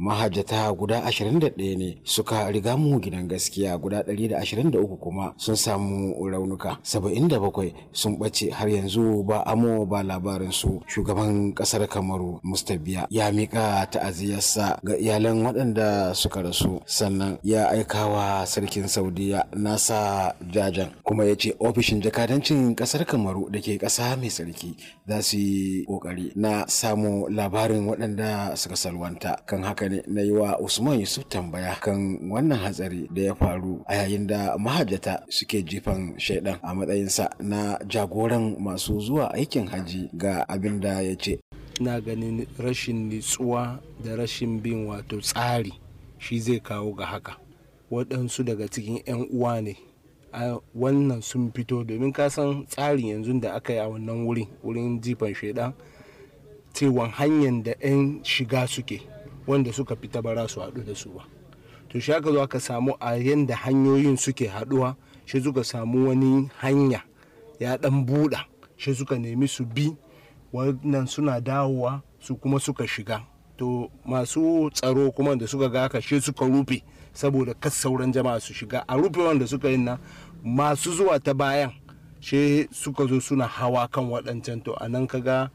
mahajjata guda 21 ne suka riga mu gidan gaskiya guda 123 kuma sun samu raunuka 77 sun bace har yanzu ba amo ba labarin su shugaban ƙasar kamaru mustabiya ya miƙa ta'aziyarsa ga iyalan waɗanda suka rasu sannan ya aikawa sarkin saudiya nasa jajan kuma ya ce ofishin jakadancin ƙasar kamaru da ke ƙasa mai sarki za su yi ƙoƙari na samu labarin waɗanda suka salwanta kan haka ne na yi wa Usman Yusuf tambaya kan wannan hatsari da ya faru a yayin da mahajjata suke jifan shaidan a matsayinsa na jagoran masu zuwa aikin haji ga abin da ya ce. Na ganin rashin nitsuwa da rashin bin wato tsari shi zai kawo ga haka. Waɗansu daga cikin 'yan uwa ne a wannan sun fito domin kasan tsarin yanzu da aka yi a wannan wurin wurin jifan shaidan cewan hanyar da 'yan shiga suke wanda suka fita tabara su haɗu da su ba to shi aka zo aka samu a yanda hanyoyin suke haɗuwa shi suka samu wani hanya ya ɗan buɗa shi suka nemi su bi wannan suna dawowa su kuma suka shiga to masu tsaro kuma da suka ga aka shi suka rufe saboda kas sauran jama'a su shiga a rufe wanda suka yi na masu zuwa ta bayan shi suka zo suna hawa kan waɗancan to a nan kaga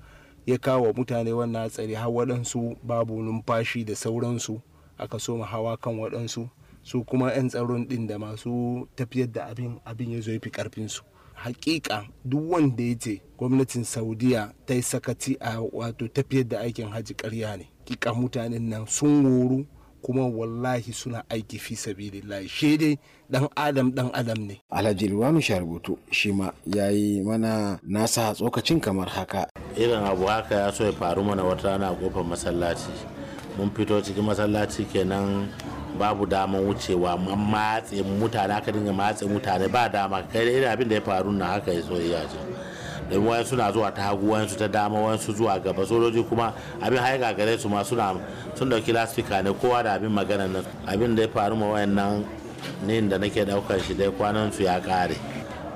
ya kawo mutane wannan hatsari har waɗansu babu numfashi da sauransu aka so hawa kan waɗansu su kuma 'yan tsaron ɗin da masu tafiyar da abin abin ya zo ya fi ƙarfinsu hakika duk wanda ya ce gwamnatin saudiya ta yi sakaci a wato tafiyar da aikin hajji karya ne kika mutanen nan sun woru kuma wallahi suna aiki fi sabilillahi shi dai dan adam dan adam ne alhaji ruwanu sharubutu shi ma yayi mana nasa tsokacin kamar haka irin abu haka ya so ya faru mana wata rana kofar masallaci mun fito cikin masallaci kenan babu damar wucewa an matse mutane aka dinga matse mutane ba dama kai da irin abin da ya faru na haka ya so ya ce domin wayan suna zuwa ta hagu wayan ta dama wayan zuwa gaba sojoji kuma abin har gare su ma suna sun dauki lasfika ne kowa da abin magana nan abin da ya faru ma wayan nan ne da nake daukar shi dai kwanan su ya kare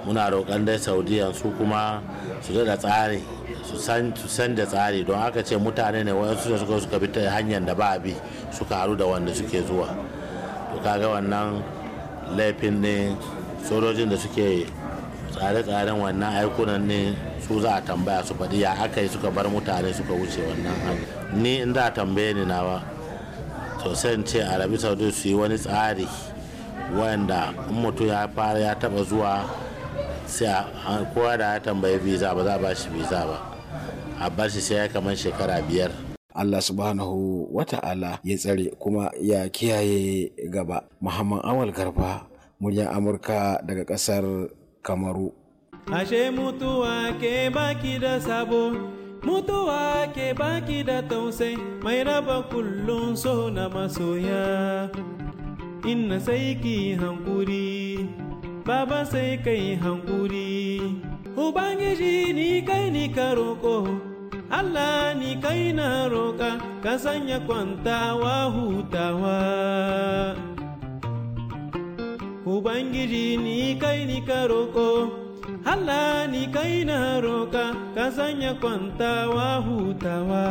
muna roƙon dai saudiya su kuma su da tsari su san da tsari don aka ce mutane ne wani da suka suka bi ta hanyar da ba a bi suka karu da wanda suke zuwa to kaga wannan laifin ne sojojin da suke tsare-tsaren wannan aikunan ne su za a tambaya su faɗi ya aka yi suka bar mutane suka wuce wannan hanyar ni in a tambaye ni nawa sosai in ce arabi saudi su yi wani tsari wanda in mutum ya fara ya taba zuwa sai kowa da ya tambayi visa ba za a ba shi visa ba a ba shi sai ya kamar shekara biyar Allah subhanahu wa ta'ala ya tsare kuma ya kiyaye gaba Muhammad Awal Garba muryar Amurka daga kasar Kamaru Ashe mutuwa ke baki da sabo mutuwa ke baki da tausai mai raba kullum so na masoya inna sai ki hankuri baba sai kai hankuri ubangiji ni kai ni karoko Allah ni kai na roka ka sanya kwantawa hutawa ubangiji ni kai ni karoko Allah ni kai na roka ka sanya kwantawa hutawa